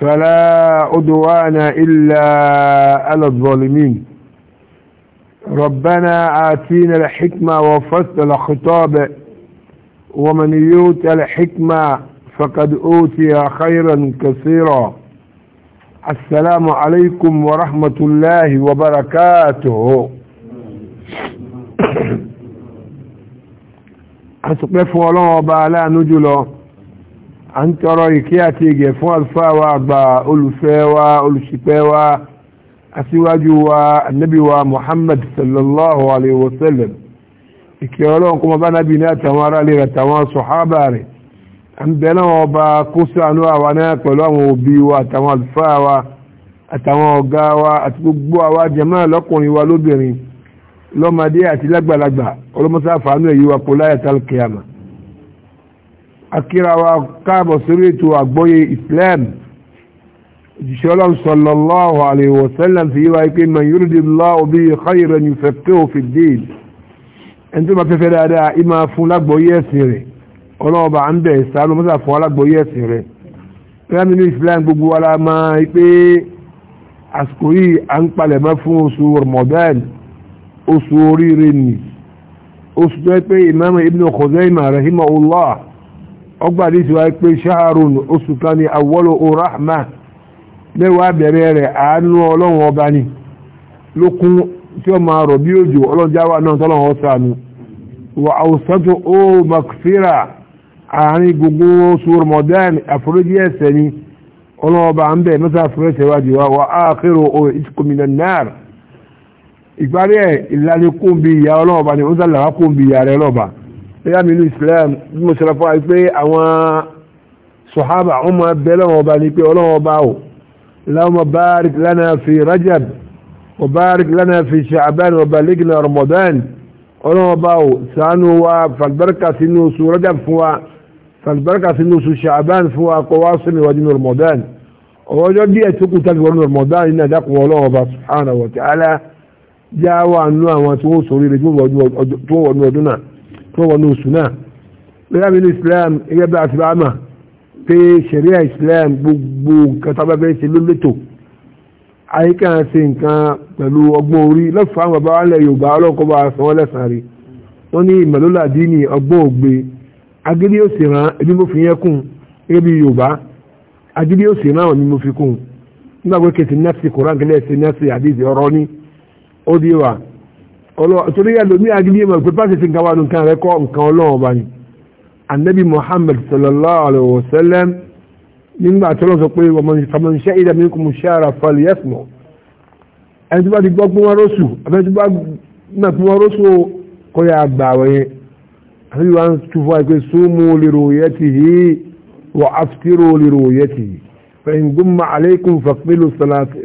فلا عدوان إلا على الظالمين ربنا آتينا الحكمة وفصل الخطاب ومن يوت الحكمة فقد أوتي خيرا كثيرا السلام عليكم ورحمة الله وبركاته أسقف ولو بألا نجلو à ń tọrọ ìkẹ́ àti ìgẹ̀ fún àlùfáà wa àgbà olùfẹ́ wa olùṣìpẹ̀ wa aṣíwájú wa ànábì wa Muhammad sallallahu alayhi wa sallam ìkẹ́ ọlọ́run kọ́mọ bá nábì ní àtàwọn aráàlú rẹ̀ àtàwọn sọ̀hábà rẹ̀ à ń bẹ náà ọba kó ṣàánú àwa náà pẹ̀lú àwọn òbí wa àtàwọn àlùfáà wa àtàwọn ọ̀gá wa àti gbogbo àwa jàmáà lọ́kùnrin wa lóbìnrin lọ́mọdé àti lágbàlagbà ọlọ́mọsáfàánú èyí wa kò láyàtà kìámà akíra wa káàbọ̀ sórí ètò àgbọ́yé islam òjíṣẹ́ ọlọ́run sallallahu alayhi wa sallam fi yíwa ipé man yuridillahu bihi khayran yufaqqihhu fid-din ẹni tó ma fẹ́fẹ́ dáadáa ìmá fún lágbọ́yé ẹ̀sìn rẹ̀ ọlọ́run bá ń bẹ̀ sàánú mọ́sà fún alágbọ́yé ẹ̀sìn rẹ̀ rẹ́ nínú islam gbogbo wa la máa ipé àsìkò yìí à ń palẹ̀mọ́ fún oṣù ramadan oṣù oríire nì oṣù tó ẹ pé imam ibn Khuzaimah rahimahullah ọgbà àdísì wáyé pé ṣáàrùn oṣù kan ní àwọ́lò orahma mẹ́wàá bẹ̀rẹ̀ rẹ̀ àánú ọlọ́run ọba ni lókun tí ó máa rọ̀ bí òjò ọlọ́jáwà náà tọ́lọ́run ọ̀sánú wà àwùsọ́tò ó makfira àárín gbogbo oṣù ramadan àforíjì ẹ̀ṣẹ̀ ni ọlọ́run ọba ń bẹ̀ mẹ́ta fúrẹ́sẹ̀ wà ìtìkùnmínà náà ìparí ẹ̀ ìlànà ni ó ìyá mi ìlú Islam bí mo sọ̀rọ̀ fún wa pé àwọn sọ̀hábà wọn máa bẹ lọ́wọ́ ọba ní pé ọlọ́wọ́ ọba o láwọn barik lana fi Rajab wa barik lana fi Sha'ban wa balighna Ramadan ọlọ́wọ́ ọba o ṣàánú wa falbarka sínú oṣù Rajab fún wa falbarka sínú oṣù Sha'ban fún wa kọ́ wá sínú ìwájú ní Ramadan ọjọ́ díẹ̀ tó kù tàbí wọnú Ramadan ní àdàkùn ọlọ́wọ́ ọba subhanahu wa ta'ala já wà àwọn tí wọ́n sọ tó wọnú oṣù náà lọ́yà islam ẹgbẹ́ bá a ti bá pé sẹ̀ríà islam gbogbo nǹkan tó bá fẹ́ ṣe ló létò àyíká ṣe nǹkan pẹ̀lú ọgbọ́n orí lọ́fà àwọn bàbá alẹ́ yorùbá ọlọ́kọ́ bá a san wọ́n lẹ́sàn-án rí wọ́n ní ìmọ̀lólà dín ní ọgbọ́n ògbé agídí ó sì rán ẹbí mo fi yẹn kún gẹ́gẹ́ bí yorùbá agídí ó sì rán àwọn ẹbí mo fi kún nígbàgbọ́ kẹsì nẹ́ẹ̀sì kòrán kẹlẹ́ nẹ́ẹ̀sì àdìsí ọ̀rọ̀ ní ó di wa torí ẹlòmí agilé mọ̀ pé pàṣẹ ti ń kawà nǹkan rẹ kọ́ nǹkan ọlọ́run bá ní anabi muhammad sallallahu alayhi wa sallam nígbà tó lọ́sọ pé faman shahida minkum shahra falyasmu ẹni tó bá ti gbọ́ pé wọ́n rọ́sù abẹ́ni tó bá náà pé wọ́n rọ́sù kọ́ ya gbà wẹ̀yẹ àti wọn tún fún wa pé sumu li ru'yatihi wa aftiru li ru'yatihi fa in gumma alaykum fàkmílù salati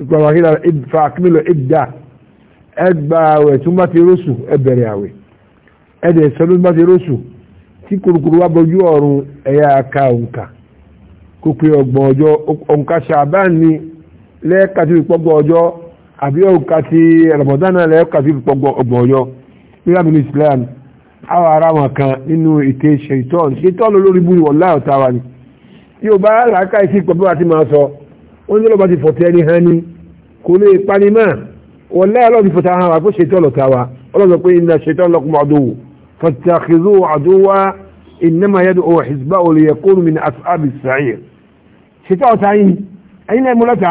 ìgbàwáhílà fàkmílù iddah ẹ gba àwẹ̀ tó bá ti róṣù ẹ àwẹ̀ ti tí kurukuru wa bọjú ọ̀run ẹ̀yà aka òǹkà kó pe ọgbọ̀n ọjọ́ òǹkà ṣàbán ni lẹ́ẹ̀ka ti fi ọjọ́ àbí òǹkà ti ramadana lẹ́ẹ̀ka ọgbọ̀n ọjọ́ ní islam àwọn ará wọn kan nínú ṣètọ́n ṣètọ́n wọ́n lẹ́yìn ọlọ́run fòtà hàn wá pé ṣètò ọlọ́ta wa ọlọ́run pé iná ṣètò ọlọ́kùnmọ́ àdówò fàtàkìzó àdówà ìnáma yẹ́dù ọwọ́ ìsìbá olè yẹ kó min asábì sàáyẹ̀ ṣètò ọ̀tá yìí ẹ̀yin náà mú lọ́ta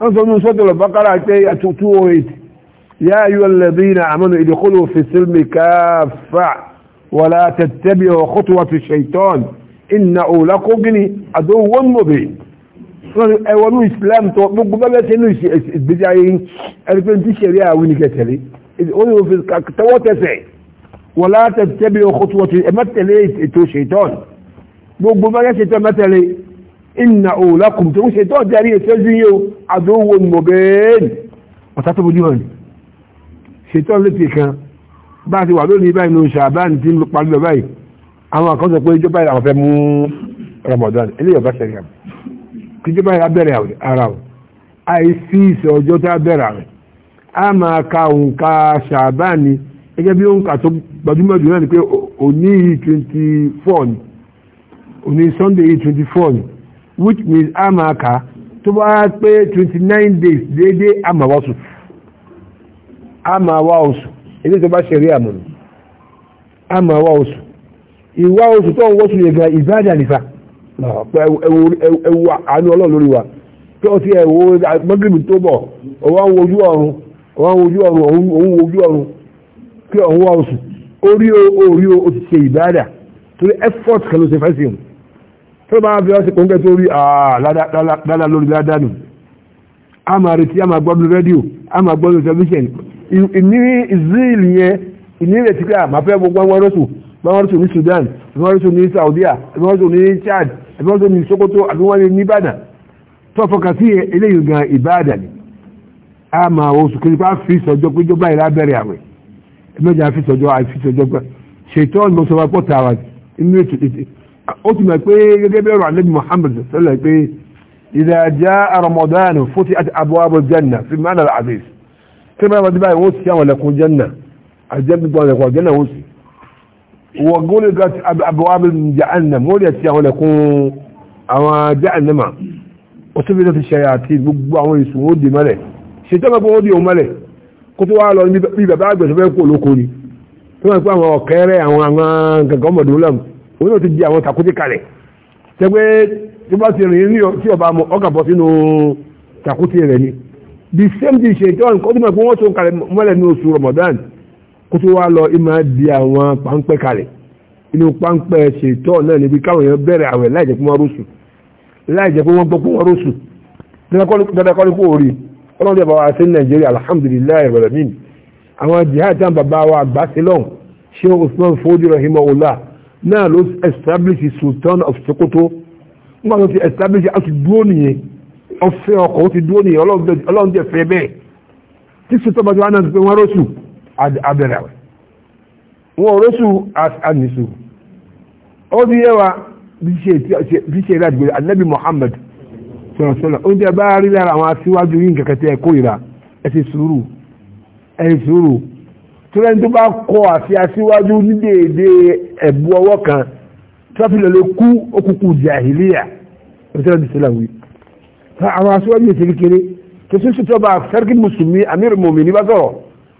wọ́n sọ nínú sọ́tò lọ́bàkárà pé àtúntò 208 yá ayú alẹ́bìnrin àmọ́nù ìdíkọ́lù fìsílmì káfà wàlá tẹ̀tẹ́bì ọ̀kọ́tù wàtú ṣètọ́n ìnà òlàkógínì àdówò wọ́n mọ̀ bẹ́ẹ̀ ẹwọ ní islam tó gbogbo bẹ́ẹ̀ ṣe ní ìgbésí ayé ẹni pé ti ṣẹ̀rí àwọn oníkẹtẹ̀lé ó ní òfin tọwọ́ tẹsẹ̀ wọ́n láti tẹ́bi ọkọ̀ tó wọ́n ti ẹ mẹ́tẹ̀lé ètò ṣètọ́n gbogbo bẹ́ẹ̀ ṣe tọ́ mẹ́tẹ̀lé ìnà òòlákùn tó ń ṣètọ́n darí ètò ẹ̀sìn yìí o àdówó mọ̀gẹ́ẹ́n wà lónìí báyìí ní oṣù àbáyìí ti ń parí lọ báyìí àwọn àkọsọ ìjọba àwọn fẹ́ mú Ramadan eléyìí ọ̀bá ṣẹ̀rí àmì kíjọba yà bẹ̀rẹ̀ ara o àìsí ìsẹ̀ ọjọ́ tá a bẹ̀rẹ̀ rẹ̀ a máa ka òǹkà ṣàbáni gẹ́gẹ́ bí òǹkà tó gbajúmọ̀ jù náà ni pé òní yìí twenty four ni òní sunday yìí twenty four ni which means a máa ka tó bá pé twenty nine days déédéé a máa wá sùn a máa wá oṣù ilé tó bá ṣẹ̀rí àmọ́ ni a máa wá oṣù ìwá oṣù tó ń wọ́sùn yẹn gan ìbáàdà nìfà. Ah, ẹwù àánú ọlọ́run lórí wa tí ó ti ẹ̀wò mọ́gìrìmì tó bọ̀ ọwọ́ ń wojú ọ̀run ọwọ́ ń wojú ọ̀run òun wojú ọ̀run kí ọ̀run wá oṣù orí orí o ti ṣe ìbáàdà torí effort kan ló ṣe fẹ́ sí òun tó bá fi ọ́ sí pọ́ńkẹ́ tó rí ládá lórí ládá nù a máa retí a máa gbọ́dún rédíò a máa gbọ́dún tẹlifíṣàn ìnírí israel yẹn ìnírí rẹ̀ ti pé àmàfẹ́ gbogbo wọn rọ́sùn wọn rọ́sùn ní Sudan wọn rọ́sùn ní Saudi Arabia wọn rọ́sùn ní Chad àbí wọ́n tó ní Sókótó àbí wọ́n ní Ìbàdàn tó fọkà sí eléyìí gan Ìbàdàn ni a máa wo sùkúrú pa fi sọjọ́ pé jọba ìlà bẹ̀rẹ̀ àwẹ̀ ẹgbẹ́jà fi sọjọ́ àfi sọjọ́ pé ṣètò ọ̀nà sọba pọ̀ tààrà inú ètò ètò ó ti mọ̀ pé gẹ́gẹ́ bẹ́ẹ̀ alẹ́bí Muhammad sọlẹ̀ pé إذا جاء رمضان فتحت أبواب الجنة في معنى العزيز كما ما دبا يوسي ولا يكون جنة الجنة ولا يكون جنة وسي وغلقت أبواب جهنم وليت يغلقون أما جهنم وسفلت الشياطين بقبعون يسمون دي ملك ṣètọ́ bá fọwọ́ bí òun mọ́lẹ̀ kó tó wá lọ bí bàbá àgbẹ̀sọ fẹ́ kó lóko ni tó wọ́n pẹ́ àwọn ọ̀kẹ́rẹ́ àwọn àwọn gàgán ọmọdé wọn lọ́mù òun náà ti di àwọn tàkúté kalẹ̀ tẹ́ pé tó bá ti rìn ní tí ọba mọ ọkà bọ́ sínú tàkúté rẹ̀ ni the same thing ṣètọ́ nǹkan tó mọ̀ kó tó wá lọ ìmọ̀ di àwọn pàǹpẹ́ kalẹ̀ inú pàǹpẹ́ ṣètọ́ náà níbi káwọn èèyàn bẹ̀rẹ̀ àwẹ̀ láìjẹ́ pé wọ́n rọ́ṣù láìjẹ́ pé wọ́n gbọ́ pé wọ́n rọ́ṣù dáadáa ní kó bàbá wa sí nàìjíríà alhamdulilayi rẹ̀mìn àwọn jihad tán bàbá wa àgbà sí lọ́hùn ṣé usman fodi rahimahullah náà ló establish sultan of sokoto nígbà tó ti establish a ti dúró nìyẹn ọfẹ ọkọ̀ ó ti dúró nìyẹn ọlọ́run jẹ bẹ́ẹ̀ tí sultan bàbá wa náà ti pé wọ́n rọ́ṣù abẹ̀rẹ̀ àwẹ̀ wọn ò rọ́ṣù àníṣù ó fi yé wa muhammad sọ̀rọ̀ oúnjẹ bá rí lára àwọn aṣíwájú yìí kẹ̀kẹ́ tẹ́ kórìíra ẹ sùúrù ẹ ṣe sùúrù tọ́lẹ́ni tó bá àti ní kan tọ́fìlẹ̀ ló kú okùnkù jàhìlíyà ìṣẹ́lẹ̀ ìṣẹ́lẹ̀ wí àwọn aṣíwájú yìí ṣe kékeré tó sì ṣètọ́ bá mùsùlùmí amírùmùmí ní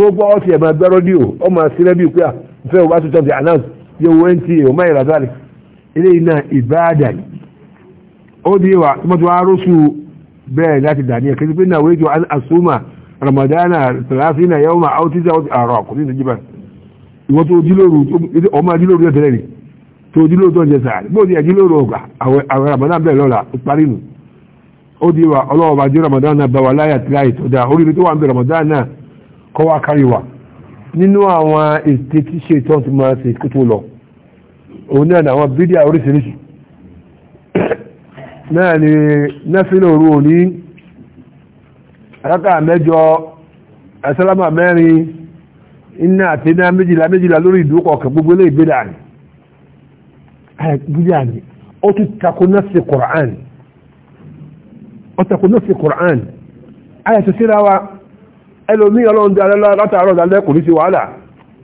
tó gbọ́ ọtí ẹ̀mọ ẹgbẹ́ rọ́díò ọmọ àṣírẹ́ bíi pé fẹ́ wá tuntun ti announce yóò wọ́n ti èèyàn máa ìrà sáré eléyìí náà ìbáàdàn ó di wa tí wọ́n ti wá rọ́ṣù bẹ́ẹ̀ láti dà ní ẹ̀kẹ́ sí pé náà wéjọ àṣùmà ramadana tàlásínà yawma àwòtíṣà àrọ̀ àkùnrin tó jìbà ìwọ́n tó dílóru ọmọ dílóru yóò tó dílóru tó ń di wa ọlọ́wọ́ bá jẹ́ tó dáa oríire tó ń bẹ kọ́ wá kárí wa nínú àwọn ète tí ṣe ìtọ́ ti máa ṣe kó tó lọ òun náà àwọn bídíà oríṣiríṣi náà ni nẹ́fìlì òru òní alákà mẹ́jọ asálámà mẹ́rin iná àti iná méjìlá méjìlá lórí ìdúkọ̀ ọ̀kẹ́ gbogbo ilé ìgbéra ni bídíà ni ó tún takò náà sí Kùránì ó takò náà sí ayàtọ̀ síra wa ẹlòmí ọlọ́run dára látàárọ̀ dalẹ́ kò ní sí wàhálà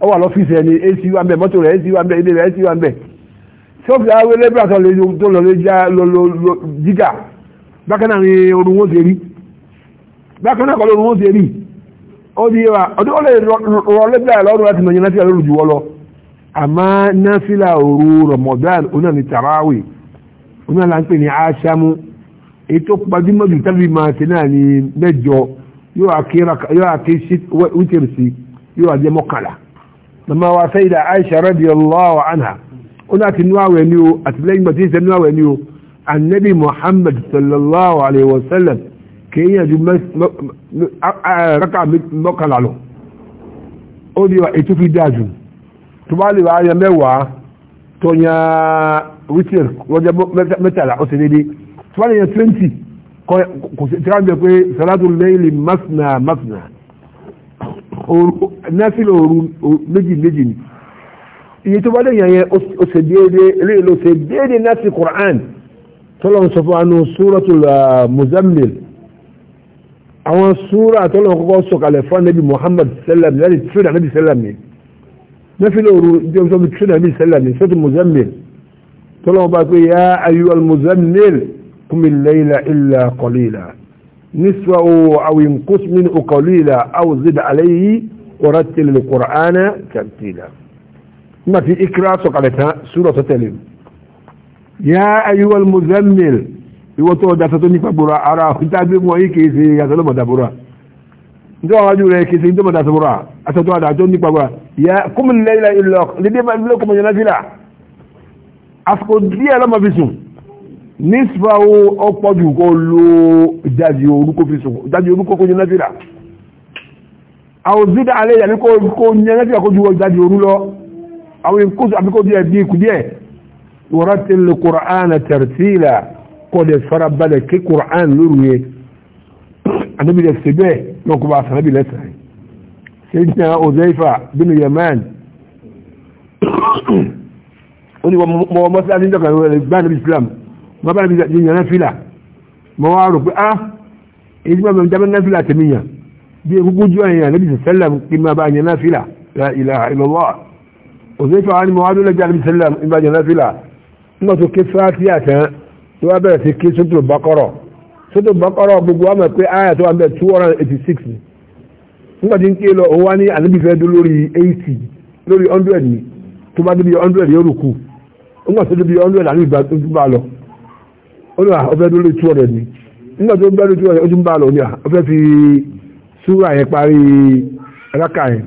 ó wà lọ́fíìsì ẹni ac wà ń bẹ̀ mọ́tò rẹ̀ ac wà ń bẹ̀ ilé rẹ̀ ac wà ń bẹ̀ tí ó fi àwọn elébìrà tó lè tó lọ lè já jígà bákan náà ni orun wọn ṣe rí bákan náà kọ́ lórun rí ó di wa ọdún ó lè rọ lébìrà lọ́rùn láti mọ̀ yẹn ni tàràwì oná là ń pè ni mẹ́jọ yóò àkí wítìrì sí yóò àjẹ́ mọ́kànlá lọ́mọ wa fẹ́ ìdá Aisha radiyallahu anha ó láti nú àwẹ̀ ní o àtìlẹ́yìn gbàtí ìṣẹ́ nú àwẹ̀ ní o annabi Muhammad sallallahu alaihi wasallam kéèyàn ju rákà mọ́kànlá lọ ó ní wa ètò fi dáa jù tó bá lè wá ayẹ mẹ́wàá tó yan wítìrì lọ́jọ́ mẹ́tàlá ó sì dédé tó bá lè yan 20 kò sí tí a ń jẹ pé salatu layli masna masna nẹ́sìlẹ̀ òru méjì méjì ni iye tó bá lè yàn yẹn ó ṣe déédéé eléyìí ló ṣe déédéé nẹ́sì Qur'an tọ́lọ̀ ń sọ fún anú suratul uh, Muzammil àwọn súra tọ́lọ̀ kọ́kọ́ sọ̀kalẹ̀ fún anabi Muhammad sallam lẹ́yìn tíwèé anabi sallam ni nẹ́sìlẹ̀ òru jẹ́ sọ́mi tíwèé anabi sallam ni suratul Muzammil tọ́lọ̀ bá pé yá ayyuhal Muzammil. قم الليل إلا قليلا نسوه أو ينقص منه قليلا أو زد عليه ورتل القرآن ترتيلا ما في إكراه سقالتها سورة تلم يا أيها المزمل يوتو داتتني فبرا أرى كتابي موي كيسي يا سلام دبرا ndo waju re kisi ndo mada sabura asato ada joni pagwa ya kum layla illa lidima lakum yanafila afko dia lama bisun nísìbáwó ọpọ́jù kó lo ìdájì orúkọ fi sùn ìdájì orúkọ kó yẹn náfìlà àwọn zida alẹ́ yà ní kó yẹn náfìlà kó ju ìdájì orú lọ àwọn ìkóso àbíkó díẹ̀ bí ikú díẹ̀ waratil Qur'ana tartila kó lè fara balẹ̀ kí Qur'an lóru yẹ anabi lè ṣe bẹ́ẹ̀ náà kó bá sàn anabi lẹ́sàn án sayyidina Uzaifa bin Yaman ó ní wọ́n mọ́ sí àdínjọ́ kan lórí gbá wọ́n bá mi yàn náfìlà mo wá rò pé ah èyí máa bẹ̀rẹ̀ jábẹ́ náfìlà tèmi yàn bí egungun ojú àyàn ànábì sẹ́lẹ̀ kí máa bá yàn náfìlà la ilaha illallah òṣèlú fún àwọn ọmọ adúlẹ̀ jáde sẹ́lẹ̀ ìbá yàn náfìlà nígbà tó ké fáti àtàn tó wá bẹ̀rẹ̀ sí ké sótò bákọ́rọ̀ sótò bákọ́rọ̀ gbogbo wa mọ̀ pé àyà tó wà bẹ̀ 286 nígbà tí ń ké lọ òun wá ní ànábì fẹ́ dó lórí 80 lórí 100 tó bá débi 100 yóò rù kù nígbà tó débi 100 ànábì bá lọ olú a ah, ọfẹ́ dúró lé ni nígbà tó ń bẹ́ẹ̀ lé two hundred ó ti ń bá a lọ ní ah, fi súrà yẹn parí ẹ̀ráka yẹn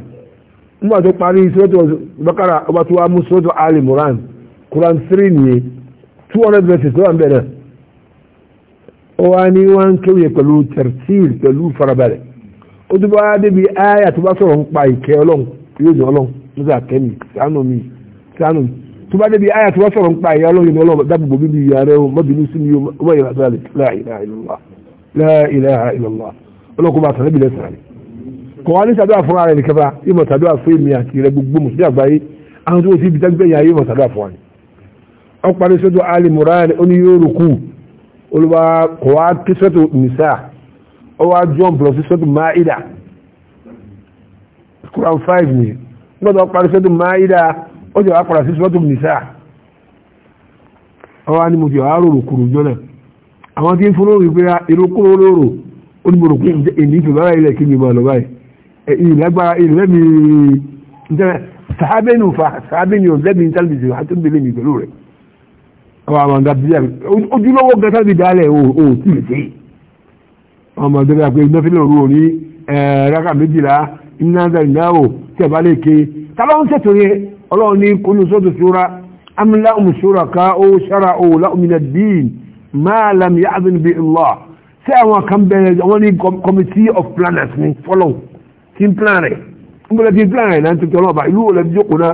nígbà tó parí sọ́tọ̀ bákàrà ọba tó wá mú sọ́tọ̀ ali moran Quran three nìyẹn two hundred verses ló wà ń bẹ̀rẹ̀ ó wá ní wọ́n ń pẹ̀lú tẹ̀rtíìl pẹ̀lú farabalẹ̀ ó tó bá débi ayé àti bá sọ̀rọ̀ ń pa ìkẹ́ ọlọ́run yóò ọlọ́run tó bá débi ayé àti wọ́n sọ̀rọ̀ nípa ìyá ọlọ́run ní ọlọ́run dábòbò bíbí ìyá rẹ wọ́n bínú sí ni wọ́n yẹra sọ́ra lè la ilaha illallah la ilaha illallah ọlọ́kùnrin bá sàrẹ́bì lẹ́sàn-án ní sàdúrà fún ara ẹnìkan bá ìmọ̀ sàdúrà fún èmi àti rẹ gbogbo mùsùlùmí àgbáyé àwọn tó ti ibi tẹ́gbẹ́ yà ìmọ̀ sàdúrà fún wa ni. parí sọ́dọ̀ ali moran ó ní yóò rúkú olùwà kò wá ké sọ́tò nìsà wá john plus sọ́tò maida quran five ni wọ́n parí sọ́tò maida ó jẹ́ àpàdà sí sọ́tùm nìsá ọwá ni mo jẹ́ àárò kùrù jọ́nà àwọn tí ń fún lórí pé ìrókúrò lóòrò ó ní mo rò pé ìní ìfẹ́ bára ilẹ̀ kí mi máa lọ báyìí ìlẹ́gbára ìlẹ́mi ìtẹ́rẹ̀ sàábẹ́ni ò sàábẹ́ni ò lẹ́mi ìtàlùbìsì àti ìbẹ̀lẹ̀ mi pẹ̀lú rẹ̀ àwọn àwọn àgbà bíi ojúlówó gan sábì dálẹ̀ o ò tí lè ṣe ọmọ ìdọ́gba pé iná o tí ẹ̀ bá lè ọlọ́run ní kúnnù sọ́tù ṣúra amílá òmùsúra ká ó ṣára ó láòmìnà dín máa lam yá azin bí ilá sí àwọn kan bẹ̀rẹ̀ wọ́n ní committee of planners ní fọ́lọ̀ tí ń plan rẹ̀ ń bọ̀lẹ̀ tí ń plan rẹ̀ náà ti tọ́lọ́ ọba ìlú wọlé jókòó náà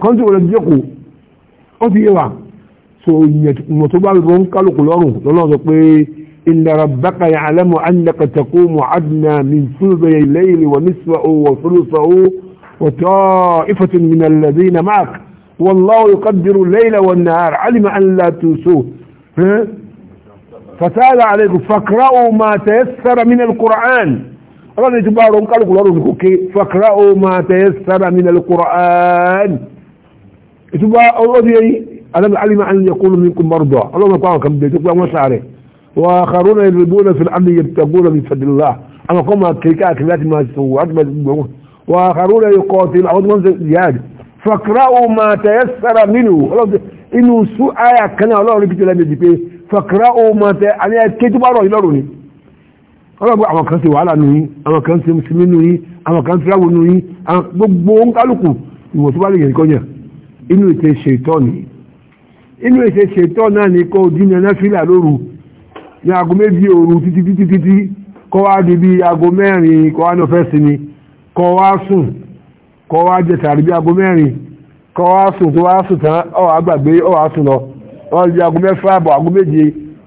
kọ́ńtì wọlé jókòó ó ti yé wa so ìyẹn tó bá wọn kálukú lọ́rùn lọ́lọ́run sọ pé إن ربك يعلم أنك تقوم عدنا من ثلثي الليل ونصفه وثلثه وطائفة من الذين معك والله يقدر الليل والنهار علم أن لا تنسوه فسأل عليكم فاقرأوا ما تيسر من القرآن قالوا لهم فاقرأوا ما تيسر من القرآن إيه؟ ألم علم أن يكون منكم مرضى اللهم طاقم بيتك ومسعره وآخرون يلبون في الأمن يبتقون من فضل الله أما قم كيكاك ذات ما سوى ما سوى wa يقاتل أعود منزل جهاد ما تيسر منه inú sú àyà kan náà ọlọ́run bí tẹ́lẹ̀ méjì pé fàkírá ohun tẹ́ àní ẹ̀kẹ́ tó bá rọ̀ ìlọ́run ni ọlọ́gbọ́ àwọn kan ṣe wàhálà nù yí àwọn kan ṣe musulmi kan ṣe ráwọ̀ nù yí gbogbo ń kálukú n'oyi tó bá lè yẹn kọ́nyà inú ètè ni kọwaa sùn kọ́ jẹ bí mẹ́rin sùn tó wá sùn tán ọ̀ àgbàgbé ọ̀ wá sùn lọ wọ́n di aago mẹ́fà àbọ̀ aago méje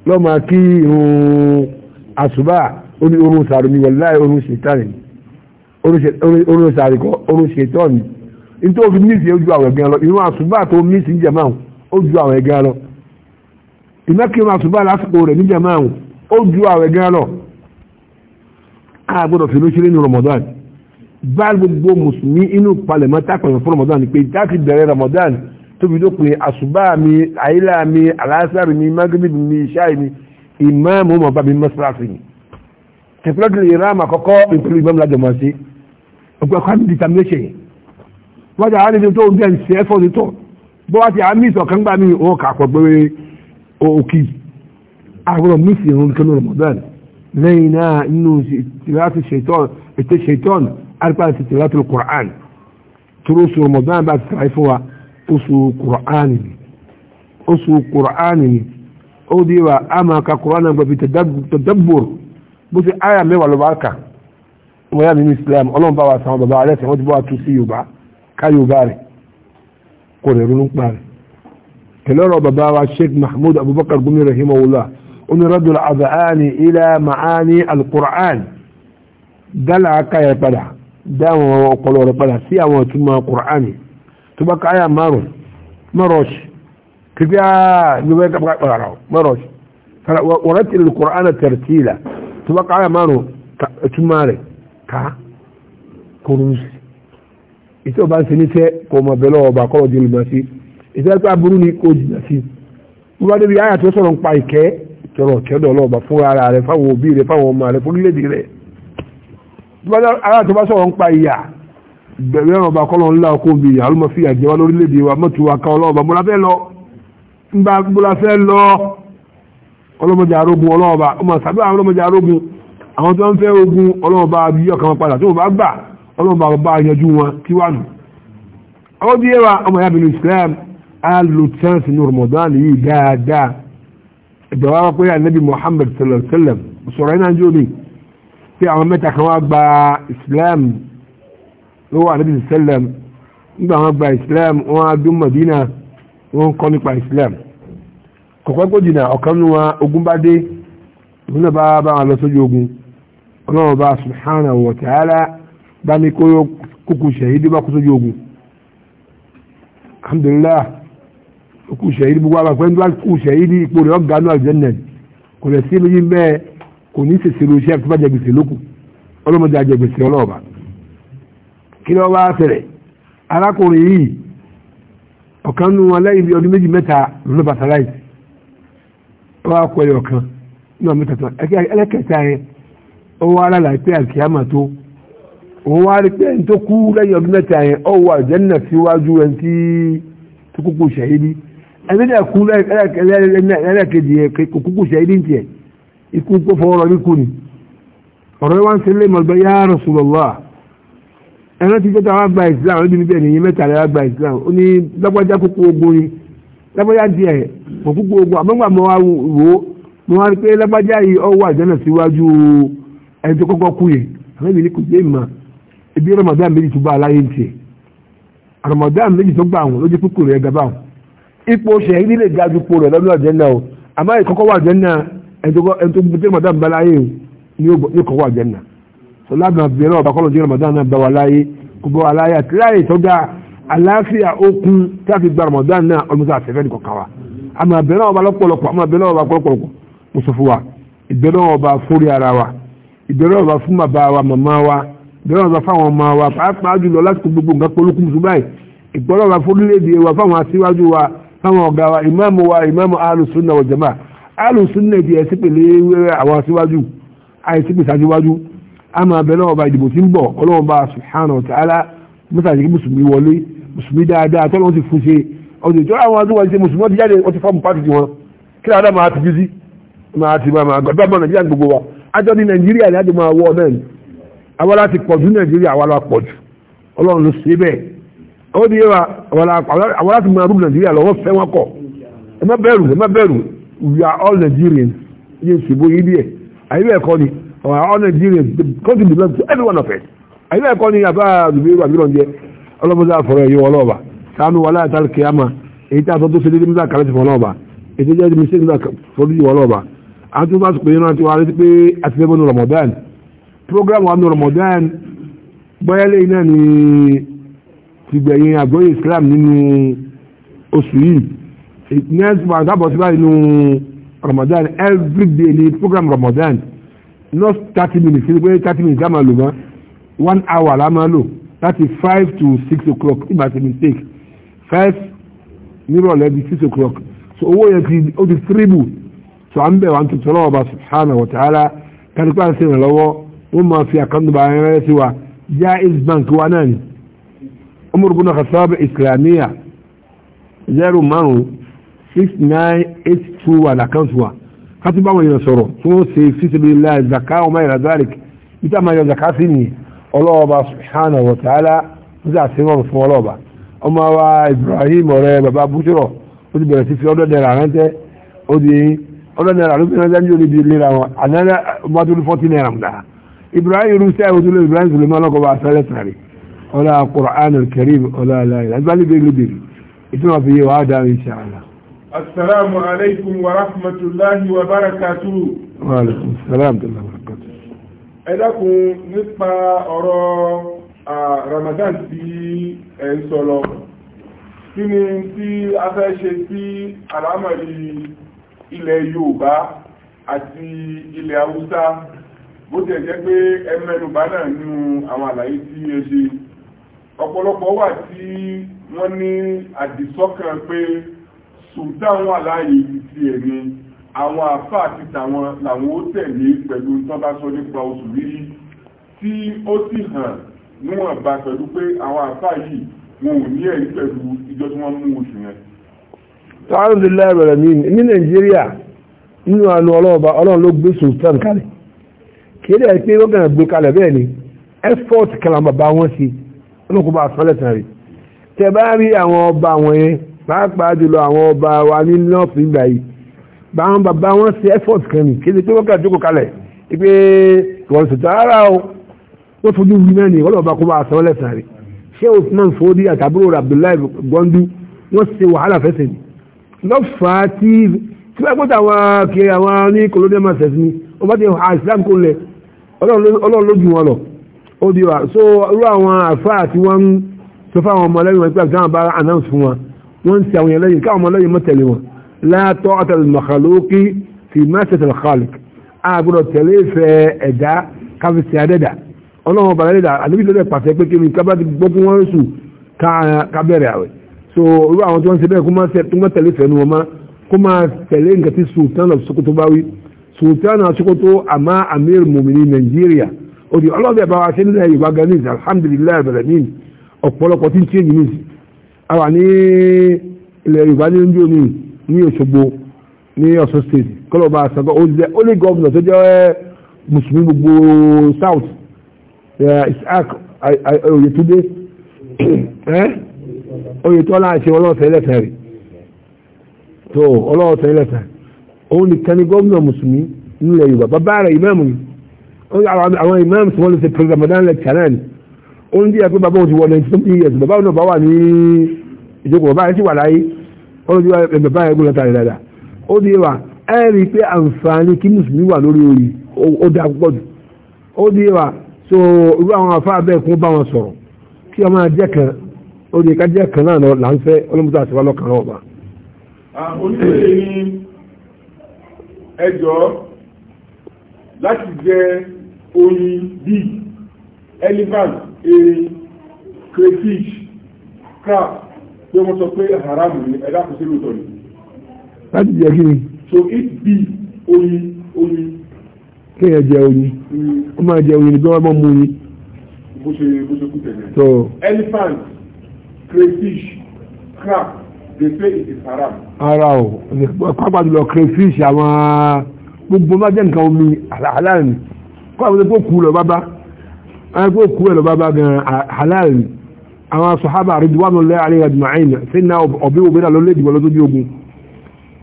lọ́mọ kí àṣùbà ní orun sàrò ní wọ̀láì orun ṣètàn orun sàrò orun ṣètàn ní nítorí àwọn lọ àṣùbà tó ń àwọn bá gbogbo mùsùlùmí inú palẹ̀mọ́ tákùnrin fún ramadan pé láti bẹ̀rẹ̀ ramadan tóbi tó pé àṣùbá mi àyílá mi aláṣàrì mi magrib mi ṣáì mi ìmáàmù ọmọ bàbí mọ́sálásì mi tẹ̀kọ́lọ́dún lè ráàmù àkọ́kọ́ ìpínlẹ̀ ìgbàmù lájọ máa ṣe ọgbẹ́ kwami determination wọ́n ti àwọn ènìyàn tó ń bẹ̀ ń ṣe ẹ́ fọ́ọ̀sì tọ̀ bọ́ wá ti àmì ìsọ̀kan gbà mí òun kà pọ̀ pé òkì àwọn mísì ìrún kanú arpa ti tilatul qur'an turu su ramadan ba ti tàyí fún wa oṣù qur'an ni oṣù qur'an ni ó di wa ama ka qur'an na gbabi tadabbur bó ti aya mẹ́wàá ló bá kà wọ́n yà nínú islam ọlọ́run bá wa sàn bàbá rẹ̀ sàn wọ́n ti bá wa tu sí yorùbá ká yorùbá rẹ̀ kò rẹ̀ ronú pa rẹ̀ pẹ̀lú ọ̀rọ̀ bàbá wa sheikh mahmoud abubakar gumi rahimahullah omi rọ́dùn àzàáni ilẹ̀ ma'ani al-qur'an dálà yẹ padà dáwọn ọpọlọ rẹ̀ padà sí àwọn ìtumọ̀ kùránì tó bá káyà márùn mọ́rọ̀ṣì kìí àà ní wọ́n kápá pàrà mọ́rọ̀ṣì wọ́n ti lè kùránì tẹ̀rẹ̀tìlà tó bá káyà márùn ìtumọ̀ rẹ̀ ká kúrúsì ìtọ́ bá ń se níṣẹ́ kò mọ̀ bẹ́lọ́ ọba kọ́rọ̀ di olùmọ̀ sí ìtọ́ pé aburú ni kò jìnà sí wọ́n bá débi àyà pa ìkẹ́ tọrọ kẹ́dọ̀ ọlọ́ọ̀bà fún ara rẹ̀ fáwọn òbí rẹ̀ fáwọn ọmọ rẹ̀ fún orílẹ̀ rẹ̀ ara tó bá sọ̀rọ̀ ń pa ìyà bẹ̀rẹ̀ ẹ̀rọ ọba kọ́lọ̀ ńlá ọkọ̀ bí ìyà lọ́mọ fi àjẹwà lórílẹ̀‐èdè wa mọ́tò wa kan ọlọ́ọ̀bà bọ́lá fẹ́ lọ ńbà bọ́lá fẹ́ lọ ọlọ́mọdé arógun ọlọ́ọ̀bà ọmọ sàbẹ̀ àwọn ọlọ́mọdé arógun àwọn ogun ọlọ́ọ̀bà padà tó bá gbà ọlọ́ọ̀bà bá yanjú wọn kí wà nù. ọwọ́ bí pé àwọn mẹ́ta kan wá gba islam lọ́wọ́ ànábì sẹ́lẹ̀m nígbà wọn gba islam wọn á dún mọ̀dínà wọn kọ́ nípa islam kọ̀kọ́ kó jìnà ọ̀kan nínú wa ogun bá dé òun náà bá bá wọn lọ sójú ogun ọlọ́run bá subhanahu wa ta'ala bá ní kó kókó ṣẹ̀yí dé bá kó sójú ogun alhamdulillah kókó ṣẹ̀yí gbogbo àwọn akpẹ́ńdúrà kókó ní ipò rẹ̀ ọ̀gá náà jẹ́nẹ̀ kò lè sí méjì bẹ́ẹ̀ òní ṣèṣirò iṣẹ́ tó bá jẹ gbèsè lókù ọlọ́mọdé ajẹ gbèsè ọlọ́ọ̀bà kí ni wọ́n wá fẹ̀rẹ̀ arákùnrin yìí ọ̀kan nu aláìní bí ọdún méjì mẹ́ta ló bàtà láìsí wọ́n á kọ́ ẹ̀ ọ̀kan náà yẹn pé tó òun wá rí pé ẹni tó kú ọdún yẹn síwájú ẹni tí tó ẹni kú yẹn ikú tó fọwọ́rọ̀ ní ni ọ̀rọ̀ wa ń ṣe lé mọ̀gbẹ́ yá Rasulullah ẹ̀rọ ti jẹ́ tàwa gba Islam níbi níbẹ̀ nìyí mẹ́ta rẹ̀ gba Islam ó ní lágbájá kókó ogun ni lágbájá díẹ̀ kò kókó ogun àmọ́gbà mọ́ wa wò ó mo wá rí pé lágbájá yìí ọ wà jẹ́nà síwájú ẹni tó kọ́kọ́ kú yìí àwọn èmi ní kò jẹ́ ìmọ̀ ebi Ramadan méjì tó bá aláyé ń tiẹ̀ Ramadan méjì tó gbà wọn ló jẹ́ kókó rẹ̀ gaba wọn ipò ṣẹ̀yìn nílé ga ju po rẹ̀ lọ́dún ọ̀jẹ̀ náà àmọ́ ìkọ́kọ́ wà jẹ́ náà ẹni tó Ramadan bá láyé ní kọ̀wọ́ àjẹ́nà tó lábàá bẹ̀rẹ̀ ọba kọ́lọ̀ jẹ́ Ramadan náà bá wà láyé kò bọ́ aláyé okun tí a fi gba Ramadan náà ọlọ́mọdé àfẹ́fẹ́ ní kọ̀ọ̀kan wa àmà bẹ̀rẹ̀ ọba lọ́pọ̀lọpọ̀ àmà bẹ̀rẹ̀ ọba lọ́pọ̀lọpọ̀ mo sọ fún wa ìbẹ̀rẹ̀ ọba fórí ara wa ìbẹ̀rẹ̀ ọba fún bàbá wa màmá wa ìbẹ̀rẹ̀ ọba fáwọn ọmọ wa pàápàá jùlọ láti kó gbogbo nǹkan polúkú mùsùlùmáì ìgbọ́dọ̀ wa fórílẹ̀-èdè wa fáwọn aṣíwájú wa fáwọn ọ̀gá wa ìmáàmù wa ìmáàmù ahlus sunnah wal jamaa alùsùn lè di ẹ̀sí pèlè wẹ́rẹ́ àwọn aṣíwájú àìsípè ṣáṣíwájú a máa bẹ̀ ọba ìdìbò tí ń bọ̀ ọlọ́run bá subhanahu wa ta'ala mùsùlùmí wọlé mùsùlùmí dáadáa tọ́lọ́ ti fún ṣe ọdún ìjọba àwọn tó ṣe mùsùlùmí wọ́n jáde wọ́n ti fọ́ọ̀mù pátì tiwọn kí ládà máa ti jíjí máa ti máa máa gbàgbọ́ nàìjíríà gbogbo wa ajọ́ ní nàìjíríà ní àjọ máa wọ náà ni àwa láti pọ̀ jù nàìjíríà àwa la jù ọlọ́run ló ṣe bẹ́ẹ̀ ó láti máa rúbù nàìjíríà lọ́wọ́ fẹ́ wọn kọ̀ ẹ má bẹ̀rù ẹ má bẹ̀rù we are all Nigerians yẹn ṣùgbọ́ yìí díẹ̀ àyíbẹ̀ ẹ̀kọ́ ni we are all Nigerians the country belongs to everyone one of us àyíbẹ̀ ẹ̀kọ́ ni àbá àdùgbò ìwà mìíràn jẹ ọlọ́mọdé àfọ̀rọ̀ ẹ̀yọ ọlọ́ọ̀bà sanu wàlá àtàl kìámà èyí tí a sọ tó ṣe dédé nígbà kàlẹ́ ti fọ ọlọ́ọ̀bà èyí tí jẹ́ mistake nígbà fọdú ìwà ọlọ́ọ̀bà a tún bá pè é náà ti wá létí pé a ti fẹ́ bọ́ ní Ramadan program wa ní Ramadan bóyá lẹ́yìn náà ni ti gbẹ̀yìn àgbọ̀yé Islam nínú oṣù yìí next that dábọ̀ sí báyìí nù Ramadan every day the program Ramadan not thirty minutes ṣe pé thirty minutes dáàmà lò mọ́ one hour la máa That is five to six o'clock if I say mistake five nírọ̀lẹ́ di six o'clock so owó yẹn ti ó ti tíríbù so à ń bẹ̀ wá ń tuntun lọ́wọ́ bá subhanahu wa ta'ala kánípà ń sèwọ̀n lọ́wọ́ wọ́n máa fi àkàndùbà ayẹyẹ sí wa Jaiz Bank wa náà ni Umar bin Khattab Islamiyya zero márùn-ún 69821 àkáǹtì wa ká tún báwọn èèyàn sọ̀rọ̀ tí wọ́n ṣe fisabilillah zaka ọmọ ìlà zalik níta máa yọ zaka sí ni ọlọ́ọ̀ba subhanahu wa ta'ala ní àti rọrùn fún ọlọ́ọ̀ba ọmọ wa Ibrahim ọ̀rẹ́ bàbá búṣọ̀rọ̀ ó ti bẹ̀rẹ̀ sí fi ọdọ́ dẹ̀rẹ̀ àrántẹ́ ó di ọdọ́ dẹ̀rẹ̀ àlùfẹ́ náà dájú níbi ìlera wọn àdáńdá ọba tó ní fọ́tí náírà mùdá Ibrahim irúṣẹ́ ìwòtúlẹ̀ Ibrahim sùlẹ̀mọ́ ọlọ́kọ̀ọ́ba àṣálẹ̀ tàrí ọlá Qur'an al-Karim ọlá aláìlá ìbálẹ̀ bẹ́ẹ̀ lóbìnrin ìtumọ̀ fi yé wàá dáa insha Allah السلام عليكم ورحمة الله وبركاته وعليكم السلام ورحمة الله وبركاته ẹ̀dàkùn nípa ọ̀rọ̀ Ramadan tí ẹ̀ ń sọ lọ kí ni tí a fẹ́ ṣe sí àlámọ̀rí ilẹ̀ Yorùbá àti ilẹ̀ Haúsá bó tẹ̀ jẹ́ pé ẹmẹ́nubá náà nínú àwọn àlàyé tí ẹ ṣe ọ̀pọ̀lọpọ̀ wà tí wọ́n ní àdìsọ́kàn pé sultan wà láàyè ibi tí ẹ̀mí àwọn àfà àti tàwọn làwọn ó tẹ̀lé pẹ̀lú tó bá sọ nípa oṣù rírí tí ó sì hàn níwọ̀n bá pẹ̀lú pé àwọn àfà yìí wọn ò ní ẹ̀rí pẹ̀lú ìjọ tí wọ́n mú oṣù yẹn. tààrùn lílá mi ní nàìjíríà nínú àánú ọlọ́ọ̀bá ọlọ́run ló gbé sultan kalẹ̀ kí lè pé wọ́n kàn gbé kalẹ̀ bẹ́ẹ̀ ni effort kalamaba wọn sí ọlọ́kùnrin bá asọ́lẹ̀ tàn rí tẹ bá rí pàápàá jùlọ àwọn ọba wa ní nọ́ọ̀fù ìgbà yìí báwọn bàbá wọn ṣe effort kan ní kí ni pé wọ́n kà jókòó kalẹ̀ pé wọ́n sì tààrà o wọ́n fojú wí náà ní ọlọ́ọ̀bá kó bá a sanwó lẹ́sàn rẹ̀ ṣé Usman Fodi àtàbúrò Abdullahi Gondu wọ́n ṣe wàhálà fẹsẹ̀ ni lọ́fàá tí tí wọ́n gbọ́dọ̀ àwọn kiri àwọn ní colonial masters ni wọ́n bá ti ha Islam kó lẹ̀ ọlọ́run ló jù wọn lọ ó di wa so irú àwọn àfáà tí wọ́n ń sọ fáwọn ọmọ lẹ́yìn wọn pé àti àwọn bá announce fún wọn wọ́n ti àwọn ẹlẹ́yìn káwọn ọmọlẹ́yìn mọ́tẹ̀lẹ̀ wọn látọ́ àtàlẹ̀ mọ̀kàlókì fi mẹ́sẹ̀tẹ̀lẹ̀ khalik àgbọ̀dọ̀ tẹ̀lé ìfẹ́ ẹ̀dá káfíìsì àdẹ́dà ọlọ́run ọba àdẹ́dà àdébìtẹ́lẹ̀ pàṣẹ pé kíni kábà ti gbọ́kún wọn sùn kábẹ̀rẹ̀ àwẹ̀ so irú àwọn tí wọ́n ti bẹ́ẹ̀ kó máa tẹ̀lé ìfẹ́ nu wọn má kó máa tẹ̀lé nǹkan tí sultan of a wà ní ilẹ̀ yorùbá ní ndí omi ní òṣogbo ní ọ̀ṣun state kọlọ̀bà àṣàgọ́ ó jẹ́ ó lé gọ́ọ̀nà tó jẹ́ eh, mùsùlùmí gbogbo south eh, isaac oyètúndé oyètọ́lá àṣẹ ọlọ́ọ̀sẹ̀ ẹlẹ́sẹ̀ rẹ̀ tó ọlọ́ọ̀sẹ̀ ẹlẹ́sẹ̀ òun nìkan ní gọ́ọ̀nà mùsùlùmí nílẹ̀ yorùbá bàbá rẹ̀ ìmáàmù àwọn ìmáàmù tí wọ́n lè ṣe pẹ̀lú ramadan lẹ́kṣẹ̀ náà ó ń díẹ̀ pé bàbá òun ti wọ ninety something years bàbá òun náà bá wà ní ìjókòó bàbá yẹn ti wà láyé ọlọ́dún bàbá yẹn gbọ́dọ̀ tàrí dáadáa ó di wa ẹ rí i pé àǹfààní kí mùsùlùmí wà lórí oyè ó da púpọ̀ jù ó di wa so irú àwọn afá bẹ́ẹ̀ kún bá wọn sọ̀rọ̀ kí ọmọ ajẹ́ kan ó di ká jẹ́ kan náà là ń fẹ́ ọlọ́mọdé àti wà lọ́kàn náà ọba. oníṣẹ́ ni ẹjọ́ láti jẹ oyin bíi elephant erin crayfish crab pé wọ́n sọ pé haram ni ẹ̀dá kò sí lóòótọ́ ni. láti jẹ́ kí ni. so it be oyin oyin. kéèyàn jẹ oyin ó máa jẹ oyin ní bí wọ́n bá mú oyin. bó ṣe bó ṣe kú tẹ̀lé. so elephant crayfish crab they say it is haram. ara o pápá jùlọ crayfish àwọn gbogbo bá jẹ́ nǹkan omi àlàálà ni kó àwọn ẹgbẹ́ kú lọ bá bá. ẹgbẹ́ òkú ẹ̀ lọ́ba bá gan halal àwọn sọ̀hábà àrídìwánu lẹ́ àríyá jùmáìn sínú ọ̀bí òbí na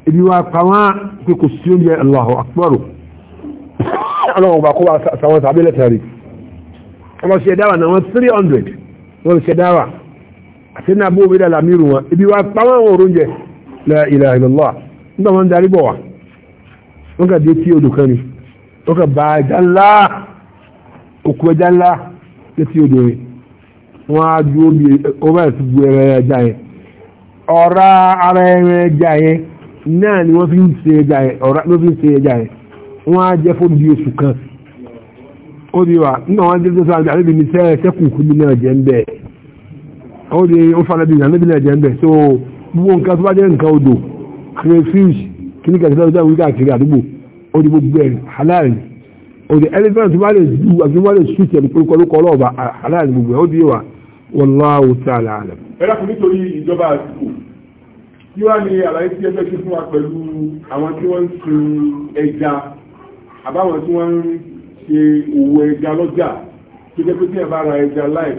ibi wa pa wọ́n pé Allahu akbar ọlọ́run ọba kó wa sàwọn sàbí lẹ́tàrí ọmọ ṣe 300 wọn ibi wa pa wọ́n wọ́n ilaha illallah òkú ẹja ńlá létí odò yẹn wọ́n á ju omi ọba ẹ̀ bu ẹran ẹja yẹn ọ̀rá ara ẹran ẹja yẹn náà ni wọ́n fi ń ṣe ẹja yẹn ọ̀rá ló fi ń ṣe ẹja yẹn wọ́n á jẹ́ fún bí oṣù kan ó di wa nínú àwọn ẹgbẹ́ tó sọ àbí mi sẹ́ sẹ́kùn kú mi náà jẹ́ ń bẹ́ẹ̀ ó di ó fara bí ìyàn náà jẹ́ ń bẹ́ẹ̀ so gbogbo nǹkan tó bá jẹ́ nǹkan odò crayfish kíníkà tó bá jẹ́ wíkà kiri àdúgbò ó di gbogbo ẹ̀ halal òde elephant tó bá lè du àti wọ́n lè shoot ẹni pé kọ́ló kọ́ló ọba aláàlú gbogbo ẹ̀ ó di wa wallahu ta'ala alam. ẹ dákun nítorí ìjọba àsìkò kí wàá ní àlàyé tí ẹgbẹ́ ṣe fún wa pẹ̀lú àwọn tí wọ́n ń sun ẹja àbáwọn tí wọ́n ń ṣe òwò ẹja lọ́jà tó jẹ́ pé tí ẹ bá ra ẹja láì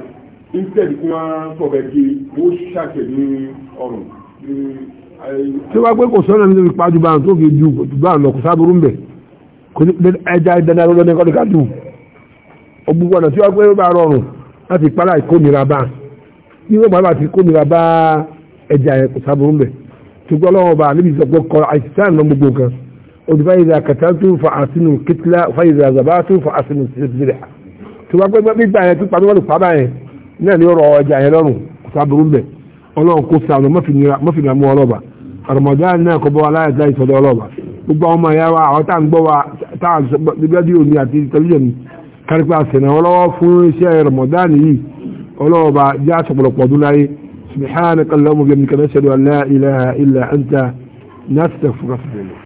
instead kí wọ́n fọ̀bẹ̀ kí ó ṣàkẹ́ ní ọrùn. tí wàá pé kò sọ́nà nínú ìpàdùbà tó fi ju lọ kò sábúrú ń ẹja ìdáná ló lọ́nà ẹ̀kọ́ kàdù ọgbùgbù ọ̀nà tí wọ́n pé bá rọrùn láti ìpárá ìkónira bá ní wọ́n bá ti kónira bá ẹja ẹ̀kọ́ sábúrú bẹ̀ ṣùgbọ́n lọ́wọ́ bá níbi ìsọ̀pọ̀ kọ àìsàn lọ gbogbo kan olùfàyèdè àkàtà tó fa àsìnù kìtìlá fàyèdè àzàbá tó fa àsìnù sílẹ̀ tó wọ́n pé gbígbà yẹn pípa wọ́n pàbà yẹn náà ní ọ̀rọ̀ ẹja yẹn lọ́rùn sábúrú bẹ̀ ọlọ́run kó sàánù mọ́fìnira mọ́ ọlọ́ba gbogbo àwọn ọmọ ìyá wa àwọn tá à ń gbọ́ wa tá à ń sọ rédíò ni àti tẹlifíṣàn ni kárípé àsẹ̀nà ọlọ́wọ́ fún iṣẹ́ Ramadan yìí ọlọ́wọ́ bá jẹ́ àṣọpọ̀lọpọ̀ ọdún láyé subhanaka wa bihamdika nashhadu an la ilaha illa anta